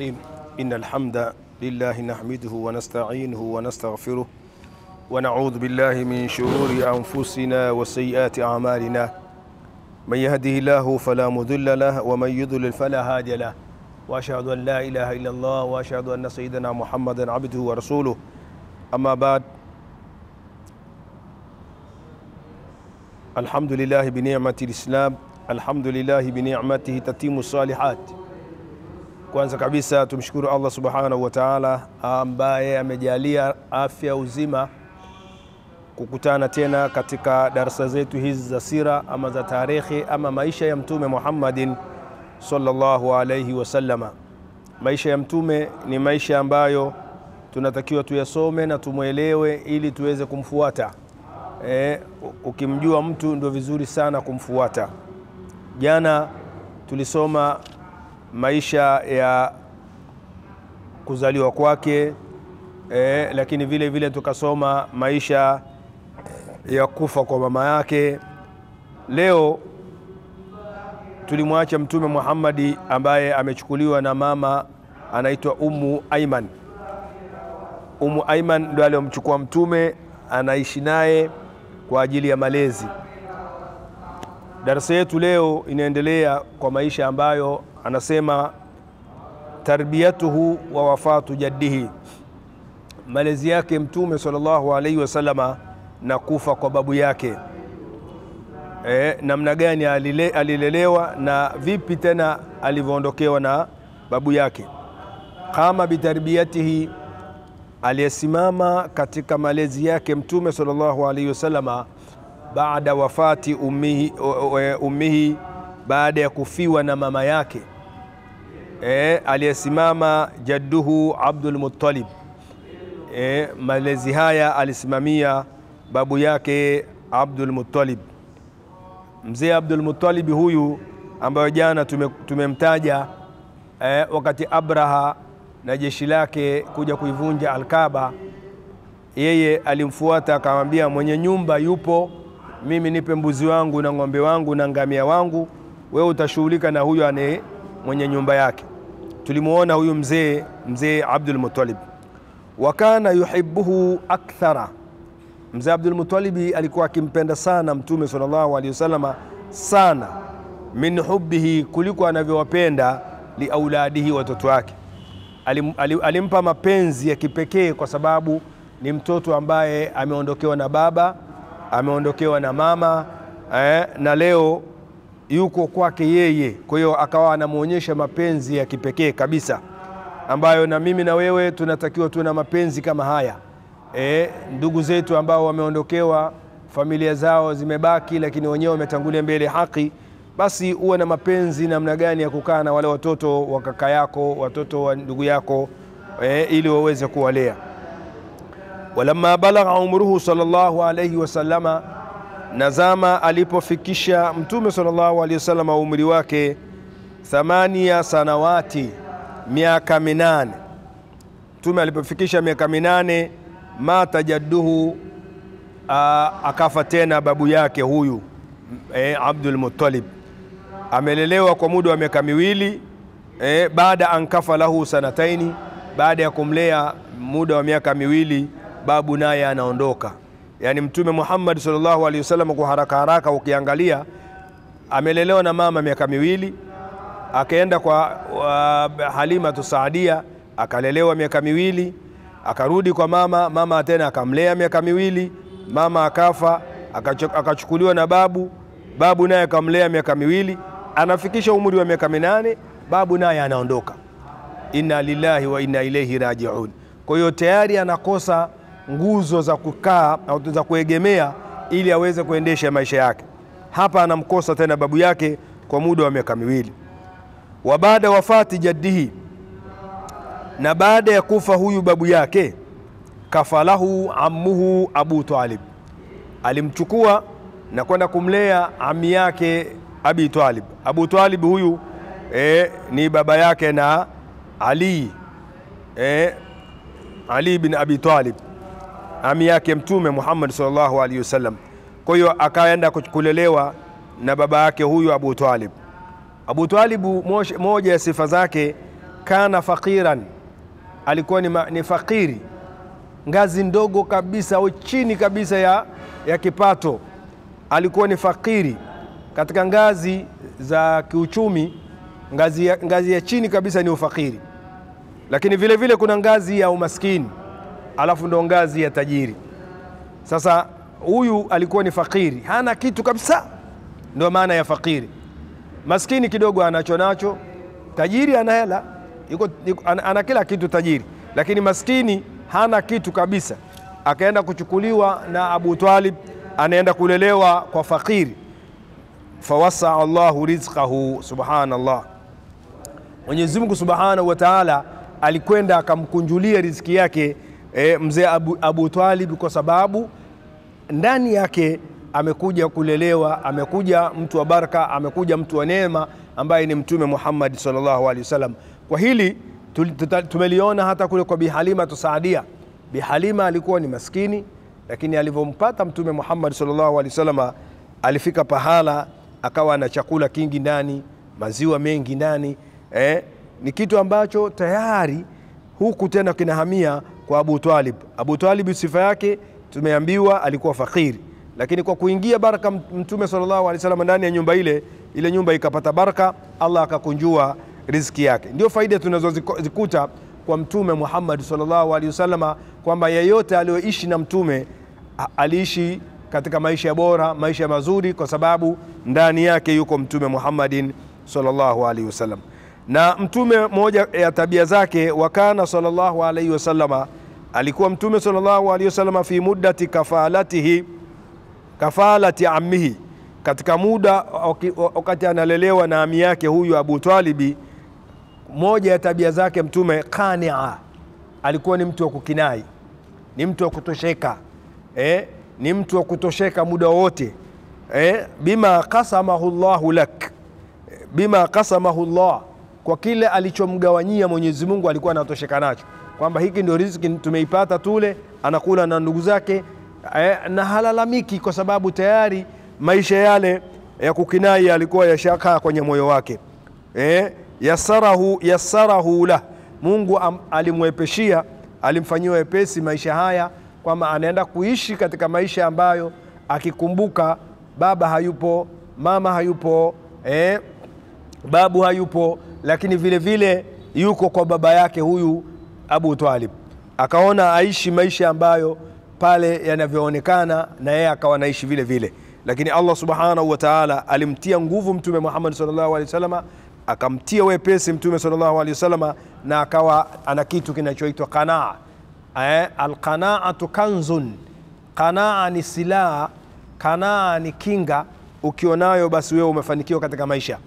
الرحيم إن الحمد لله نحمده ونستعينه ونستغفره ونعوذ بالله من شرور أنفسنا وسيئات أعمالنا من يهده الله فلا مضل له ومن يضلل فلا هادي له وأشهد أن لا إله إلا الله وأشهد أن سيدنا محمدا عبده ورسوله أما بعد الحمد لله بنعمة الإسلام الحمد لله بنعمته تتم الصالحات Kwanza kabisa tumshukuru Allah subhanahu wa taala ambaye amejalia afya uzima kukutana tena katika darasa zetu hizi za sira ama za tarehe ama maisha ya Mtume Muhammadin sallallahu alayhi wasallama. Maisha ya Mtume ni maisha ambayo tunatakiwa tuyasome na tumwelewe ili tuweze kumfuata. E, ukimjua mtu ndio vizuri sana kumfuata. Jana tulisoma maisha ya kuzaliwa kwake eh, lakini vile vile tukasoma maisha eh, ya kufa kwa mama yake. Leo tulimwacha Mtume Muhammadi ambaye amechukuliwa na mama anaitwa Umu Aiman. Umu Aiman ndo aliyomchukua Mtume, anaishi naye kwa ajili ya malezi. Darasa yetu leo inaendelea kwa maisha ambayo anasema tarbiyatuhu wa wafatu jaddihi, malezi yake Mtume sallallahu alaihi wasallama na kufa kwa babu yake. E, namna gani alile, alilelewa na vipi tena alivyoondokewa na babu yake. Kama bitarbiyatihi, aliyesimama katika malezi yake Mtume sallallahu alaihi wasallama baada wafati ummihi, e, ummihi baada ya kufiwa na mama yake e, aliyesimama jadduhu Abdul Muttalib. E, malezi haya alisimamia babu yake Abdul Muttalib. Mzee Abdul Muttalib huyu ambayo jana tumemtaja tume eh, e, wakati Abraha na jeshi lake kuja kuivunja Alkaba, yeye alimfuata akamwambia, mwenye nyumba yupo, mimi nipe mbuzi wangu na ng'ombe wangu na ngamia wangu wewe utashughulika na huyo ane mwenye nyumba yake. Tulimuona huyu mzee mzee Abdul Muttalib, wa kana yuhibbuhu akthara. Mzee Abdul Muttalib alikuwa akimpenda sana Mtume sallallahu alaihi wasallam sana, min hubbihi, kuliko anavyowapenda liauladihi, watoto wake. Alim, alim, alimpa mapenzi ya kipekee kwa sababu ni mtoto ambaye ameondokewa na baba, ameondokewa na mama eh, na leo yuko kwake yeye. Kwa hiyo akawa anamwonyesha mapenzi ya kipekee kabisa ambayo na mimi na wewe tunatakiwa tuwe na mapenzi kama haya. E, ndugu zetu ambao wameondokewa, familia zao zimebaki, lakini wenyewe wametangulia mbele haki, basi uwe na mapenzi namna gani ya kukaa na wale watoto wa kaka yako, watoto wa ndugu yako e, ili waweze kuwalea. walamma balagha umruhu sallallahu alayhi wasallama na zama alipofikisha Mtume sallallahu alaihi wasallam umri wake thamania sanawati, miaka minane. Mtume alipofikisha miaka minane, mata jadduhu, akafa tena babu yake huyu e, Abdul Muttalib amelelewa kwa muda wa miaka miwili e, baada ankafa lahu sanataini, baada ya kumlea muda wa miaka miwili babu naye anaondoka yani Mtume Muhammad sallallahu alaihi wasallam kwa haraka haraka ukiangalia, amelelewa na mama miaka miwili, akaenda kwa uh, Halima akalelewa miaka miwili, akarudi kwa mama, mama tena akamlea miaka miwili, mama akafa, akachukuliwa na babu, babu naye akamlea miaka miwili, anafikisha umri wa miaka minane, babu naye anaondoka. Inna lillahi wa inna ilaihi rajiun. Kwa hiyo tayari anakosa nguzo za kukaa au za kuegemea ili aweze kuendesha maisha yake. Hapa anamkosa tena babu yake kwa muda wa miaka miwili. Wa baada wafati jaddihi, na baada ya kufa huyu babu yake, kafalahu ammuhu Abu Talib, alimchukua na kwenda kumlea ami yake Abi Talib. Abu Talib huyu e, ni baba yake na Ali e, Ali bin Abi Talib ami yake Mtume Muhammad sallallahu alaihi wasallam. Kwa hiyo akaenda kulelewa na baba yake huyu Abu Talib. Abu Talib, moja ya sifa zake, kana faqiran, alikuwa ni, ma, ni fakiri ngazi ndogo kabisa au chini kabisa ya, ya kipato. Alikuwa ni fakiri katika ngazi za kiuchumi, ngazi ya, ngazi ya chini kabisa ni ufakiri, lakini vile vile kuna ngazi ya umaskini alafu ndo ngazi ya tajiri. Sasa huyu alikuwa ni fakiri, hana kitu kabisa, ndio maana ya fakiri. Maskini kidogo anacho nacho, tajiri ana hela, ana kila kitu tajiri, lakini maskini hana kitu kabisa. Akaenda kuchukuliwa na Abu Talib, anaenda kulelewa kwa fakiri. Fawasaa Allahu rizqahu, subhanallah. Mwenyezi Mungu subhanahu wa taala alikwenda akamkunjulia riziki yake e, mzee Abu, Abu Talib kwa sababu ndani yake amekuja kulelewa, amekuja mtu wa baraka, amekuja mtu wa neema ambaye ni Mtume Muhammad sallallahu alaihi wasallam. Kwa hili tumeliona hata kule kwa bihalima Halima Tusaadia. alikuwa ni maskini, lakini alivyompata Mtume Muhammad sallallahu alaihi wasallam alifika pahala akawa na chakula kingi ndani, maziwa mengi ndani eh, ni kitu ambacho tayari huku tena kinahamia kwa Abu Talib. Abu Talib sifa yake tumeambiwa alikuwa fakiri, lakini kwa kuingia baraka Mtume sallallahu alaihi wasallam ndani ya nyumba ile, ile nyumba ikapata baraka, Allah akakunjua riziki yake. Ndio faida tunazozikuta kwa Mtume Muhammad sallallahu alaihi wasallam, kwamba yeyote aliyoishi na Mtume aliishi katika maisha bora, maisha mazuri, kwa sababu ndani yake yuko Mtume Muhammadin sallallahu alaihi wasallam. Na mtume moja ya tabia zake, wakana sallallahu alaihi wasallama alikuwa Mtume sallallahu alaihi wasallam fi muddati kafalatihi kafalati ammihi, katika muda wakati analelewa na ami yake huyu Abu Talibi. Moja ya tabia zake Mtume qania, alikuwa ni mtu wa kukinai, ni mtu wa kutosheka eh, ni mtu wa kutosheka muda wote eh, bima qasamahu Allahu lak, bima qasamahu Allah, kwa kile alichomgawanyia Mwenyezi Mungu alikuwa anatosheka nacho kwamba hiki ndio riziki tumeipata, tule, anakula na ndugu zake eh, na halalamiki kwa sababu tayari maisha yale ya kukinai yalikuwa yashakaa kwenye moyo wake eh, yasarahu, yasarahu la Mungu am, alimwepeshia alimfanyia wepesi maisha haya, kwamba anaenda kuishi katika maisha ambayo akikumbuka baba hayupo, mama hayupo, eh, babu hayupo, lakini vile vile yuko kwa baba yake huyu Abu Talib, akaona aishi maisha ambayo pale yanavyoonekana na yeye akawa naishi vile vile, lakini Allah subhanahu wa ta'ala alimtia nguvu Mtume Muhammad sallallahu alaihi wasallam, akamtia wepesi Mtume sallallahu alaihi wasallam, na akawa ana kitu kinachoitwa qanaa. Eh, alqanaatu kanzun, qanaa ni silaha, qanaa ni kinga. Ukionayo basi wewe umefanikiwa katika maisha.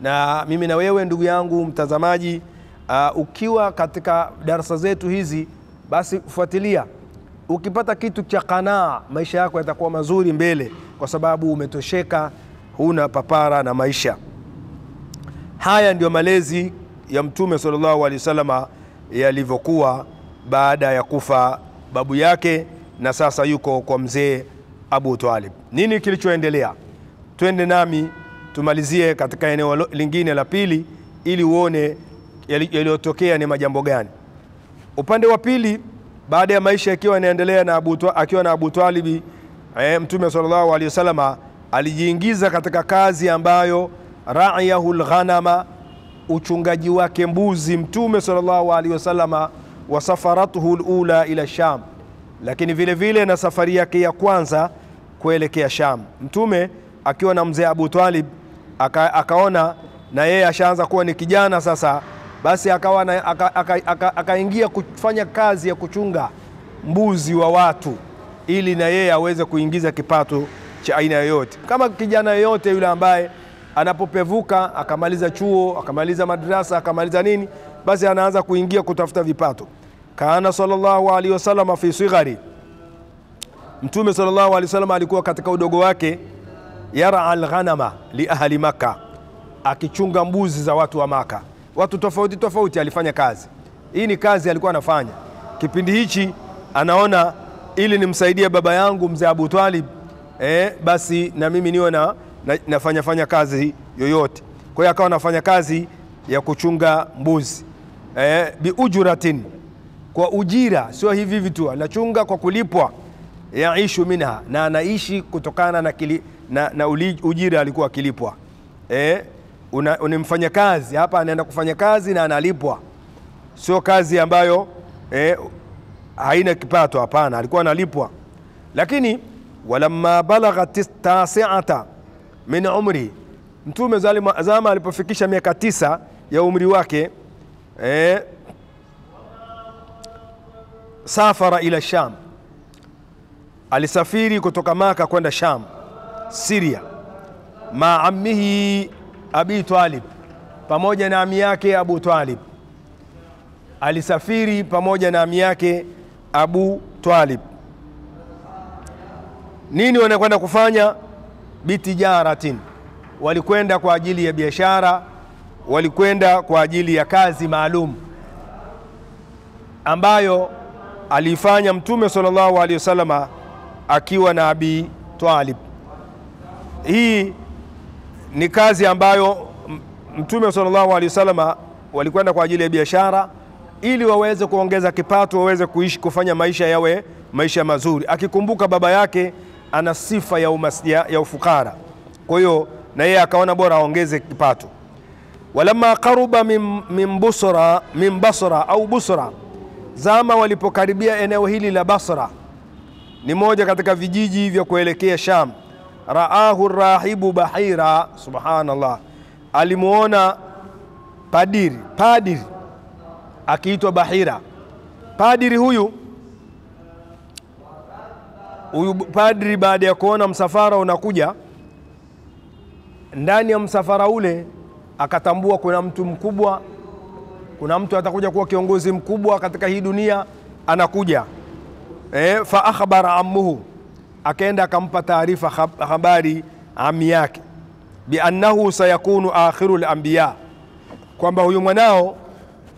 Na mimi na wewe ndugu yangu mtazamaji Uh, ukiwa katika darasa zetu hizi basi fuatilia, ukipata kitu cha kanaa, maisha yako yatakuwa mazuri mbele, kwa sababu umetosheka, huna papara na maisha haya. Ndiyo malezi ya Mtume sallallahu alaihi wasallam yalivyokuwa baada ya kufa babu yake, na sasa yuko kwa mzee Abu Talib. Nini kilichoendelea? Twende nami tumalizie katika eneo lingine la pili ili uone yaliyotokea ni majambo gani. Upande wa pili, baada ya maisha yakiwa yanaendelea na Abu, akiwa na Abu Talib eh, Mtume sallallahu alaihi wasallama alijiingiza katika kazi ambayo ra'yahul ghanama, uchungaji wake mbuzi Mtume sallallahu alaihi wasallama, wa safaratuhu lula ila Sham, lakini vile vile na safari yake ya kwanza kuelekea Sham. Mtume akiwa na mzee Abu Talib aka, akaona na yeye ashaanza kuwa ni kijana sasa basi akawa akaingia aka, aka, aka kufanya kazi ya kuchunga mbuzi wa watu ili na yeye aweze kuingiza kipato cha aina yoyote, kama kijana yoyote yule ambaye anapopevuka akamaliza chuo akamaliza madrasa akamaliza nini, basi anaanza kuingia kutafuta vipato. Kana sallallahu alaihi wasallam fi sighari, Mtume sallallahu alaihi wasallam alikuwa katika udogo wake, yara alghanama li ahli Makka, akichunga mbuzi za watu wa makka watu tofauti tofauti alifanya kazi. Hii ni kazi alikuwa anafanya kipindi hichi, anaona ili nimsaidie baba yangu mzee Abu Talib eh, basi na mimi niwe na, na, nafanya fanya kazi yoyote. Kwa hiyo akawa anafanya kazi ya kuchunga mbuzi eh, biujuratin, kwa ujira, sio hivi hivi tu anachunga kwa kulipwa, yaishu minha, na anaishi kutokana na, kili, na, na ujira alikuwa akilipwa eh, ni kazi hapa, anaenda kufanya kazi na analipwa, sio kazi ambayo eh, haina kipato. Hapana, alikuwa analipwa. Lakini walamma balagha tasiata min umri, Mtume zama alipofikisha miaka tisa ya umri wake eh, safara ila Sham, alisafiri kutoka Maka kwenda Sham, Siria, ma ammihi Abi Talib pamoja na ami yake Abu Talib. Alisafiri pamoja na ami yake Abu Talib. Nini wanakwenda kufanya? Bitijaratin, walikwenda kwa ajili ya biashara, walikwenda kwa ajili ya kazi maalum ambayo aliifanya Mtume sallallahu alaihi wasallam akiwa na Abi Talib. Hii ni kazi ambayo Mtume sallallahu alaihi wasallam walikwenda kwa ajili ya biashara ili waweze kuongeza kipato, waweze kuishi kufanya maisha yawe maisha mazuri, akikumbuka baba yake ana sifa ya, ya, ya ufukara. Kwa hiyo na yeye akaona bora aongeze kipato. Walamma qaruba min, min, busra, min Basra au Busra, zama walipokaribia eneo hili la Basra, ni moja katika vijiji vya kuelekea Sham raahu rahibu bahira, subhanallah, alimuona padiri padiri akiitwa Bahira. Padiri huyu huyu padiri, baada ya kuona msafara unakuja, ndani ya msafara ule akatambua kuna mtu mkubwa, kuna mtu atakuja kuwa kiongozi mkubwa katika hii dunia anakuja. E, fa akhbara ammuhu akaenda akampa taarifa habari ami yake biannahu sayakunu akhiru lambiya, kwamba huyu mwanao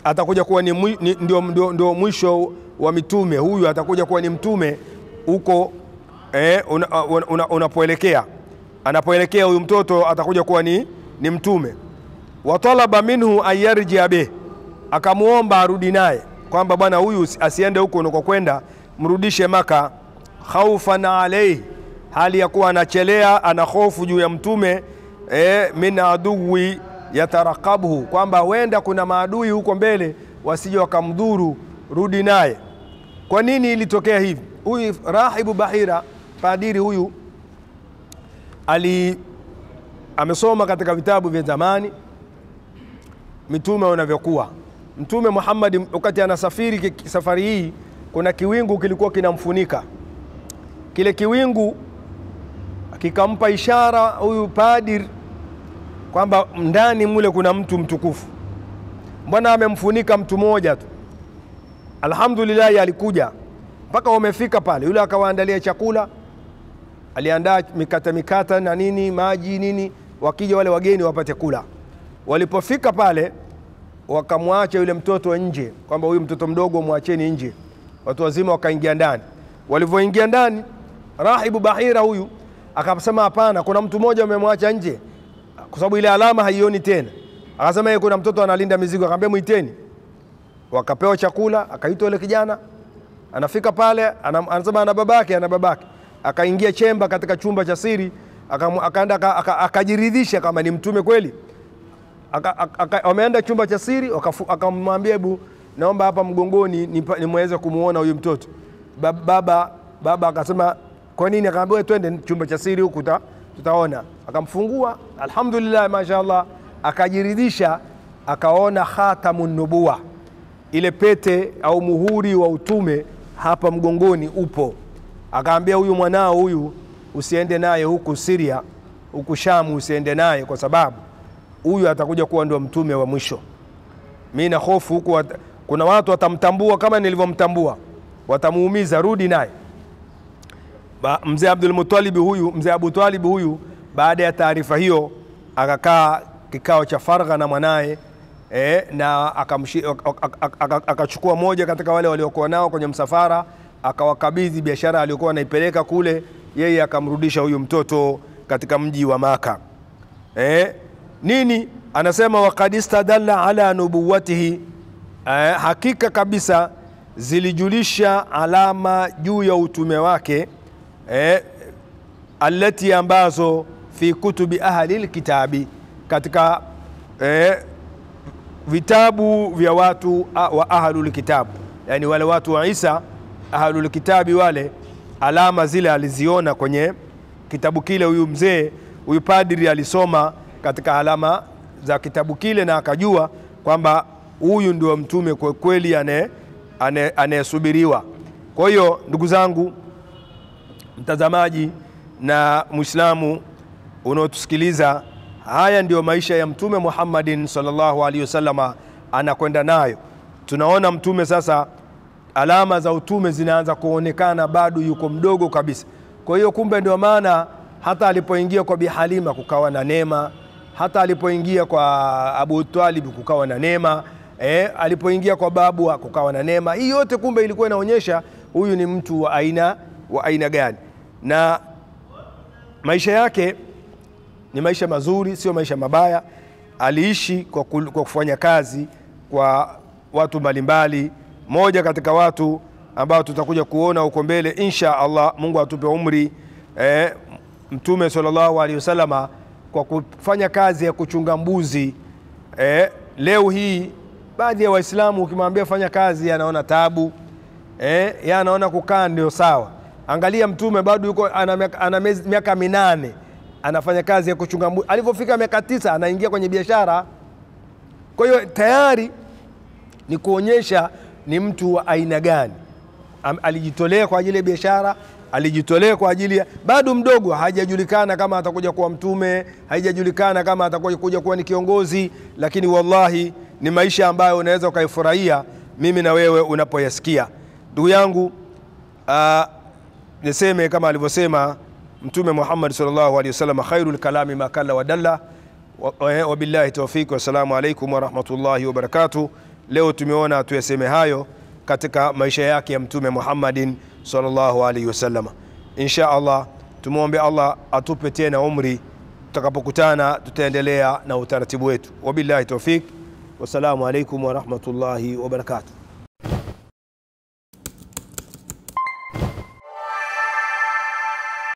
atakuja kuwa ni, ni, ndio, ndio, ndio mwisho wa mitume, huyu atakuja kuwa ni mtume huko eh, unapoelekea una, una, una anapoelekea huyu mtoto atakuja kuwa ni, ni mtume. Wa talaba minhu an abe bih, akamwomba arudi naye kwamba bwana, huyu asiende huko unakokwenda, mrudishe Maka khaufan alaihi, hali ya kuwa anachelea, ana hofu juu ya Mtume e, min aduwi yatarakabuhu, kwamba huenda kuna maadui huko mbele wasije wakamdhuru, rudi naye. Kwa nini ilitokea hivi? Huyu rahibu Bahira, padiri huyu ali amesoma katika vitabu vya zamani mitume wanavyokuwa. Mtume Muhammad wakati anasafiri safari hii, kuna kiwingu kilikuwa kinamfunika kile kiwingu kikampa ishara huyu padir kwamba ndani mule kuna mtu mtukufu. Mbona amemfunika mtu mmoja tu? Alhamdulillahi, alikuja mpaka wamefika pale, yule akawaandalia chakula, aliandaa mikata mikata na nini, maji nini, wakija wale wageni wapate kula. Walipofika pale, wakamwacha yule mtoto nje, kwamba huyu mtoto mdogo mwacheni nje. Watu wazima wakaingia ndani. Walivyoingia ndani Rahibu Bahira huyu akasema hapana, kuna mtu mmoja umemwacha nje, kwa sababu ile alama haioni tena. Akasema yeye kuna mtoto analinda mizigo, akamwambia mwiteni. Wakapewa chakula, akaitwa yule kijana, anafika pale, anasema ana babake, ana babake. Akaingia chemba katika chumba cha siri, akaenda akajiridhisha kama ni mtume kweli. Wameenda chumba cha siri, akamwambia hebu, naomba hapa mgongoni nimweze kumuona huyu mtoto baba. Baba akasema kwa nini? Akaambiwa twende chumba cha siri huku tutaona. Akamfungua, alhamdulillah, mashaallah, akajiridhisha, akaona khatamun nubuwa, ile pete au muhuri wa utume hapa mgongoni upo. Akaambia huyu mwanao huyu usiende naye huku Siria, huku Shamu usiende naye, kwa sababu huyu atakuja kuwa ndio mtume wa mwisho. Mi na hofu huku, kuna watu watamtambua kama nilivyomtambua, watamuumiza. Rudi naye mzee Abdul Muttalib huyu, mzee Abu Talib huyu, baada ya taarifa hiyo akakaa kikao cha faragha na mwanaye eh, na akachukua moja katika wale waliokuwa nao kwenye msafara akawakabidhi biashara aliyokuwa anaipeleka kule, yeye akamrudisha huyu mtoto katika mji wa Maka. Eh, nini anasema, waqad istadalla ala nubuwatihi eh, hakika kabisa zilijulisha alama juu ya utume wake eh, alati ambazo fi kutubi ahli lkitabi katika eh, vitabu vya watu wa ahlulkitabu yani wale watu wa Isa ahlulkitabi wale alama zile aliziona kwenye kitabu kile huyu mzee huyu padri alisoma katika alama za kitabu kile na akajua kwamba huyu ndio mtume kwa kweli anayesubiriwa kwa hiyo ndugu zangu mtazamaji na mwislamu unaotusikiliza, haya ndiyo maisha ya Mtume Muhammadin sallallahu alaihi wasallama anakwenda nayo. Tunaona mtume sasa, alama za utume zinaanza kuonekana, bado yuko mdogo kabisa. Kwa hiyo kumbe, ndio maana hata alipoingia kwa Bi Halima kukawa na neema, hata alipoingia kwa Abu Talib kukawa na neema eh, alipoingia kwa babu kukawa na neema. Hii yote kumbe ilikuwa inaonyesha huyu ni mtu wa aina wa aina gani, na maisha yake ni maisha mazuri, sio maisha mabaya. Aliishi kwa, kul, kwa kufanya kazi kwa watu mbalimbali. Moja katika watu ambao tutakuja kuona huko mbele insha Allah, Mungu atupe umri eh, Mtume sallallahu alaihi wasallama kwa kufanya kazi ya kuchunga mbuzi eh, leo hii baadhi ya Waislamu ukimwambia fanya kazi anaona tabu eh, yeye anaona kukaa ndio sawa Angalia mtume bado yuko ana, ana miaka minane anafanya kazi ya kuchunga mbuzi. Alipofika miaka tisa anaingia kwenye biashara. Kwa hiyo tayari ni kuonyesha ni mtu wa aina gani. Alijitolea kwa ajili ya biashara, alijitolea kwa ajili ya bado mdogo, hajajulikana kama atakuja kuwa mtume, haijajulikana kama atakuja kuja kuwa ni kiongozi, lakini wallahi ni maisha ambayo unaweza ukaifurahia, mimi na wewe unapoyasikia. Ndugu yangu, uh, niseme kama alivyosema Mtume Muhammad sallallahu alaihi wasallam, khairul kalami makala wadalla. Wabillahi eh, tawfiki, wassalamu alaikum warahmatullahi wabarakatuh. Leo tumeona tuyaseme hayo katika maisha yake ya Mtume Muhammadin sallallahu alaihi wasallam. Insha Allah tumwombe Allah atupe tena umri, tutakapokutana tutaendelea na utaratibu wetu. Wabillahi tawfiki, wassalamu alaikum warahmatullahi wabarakatuh.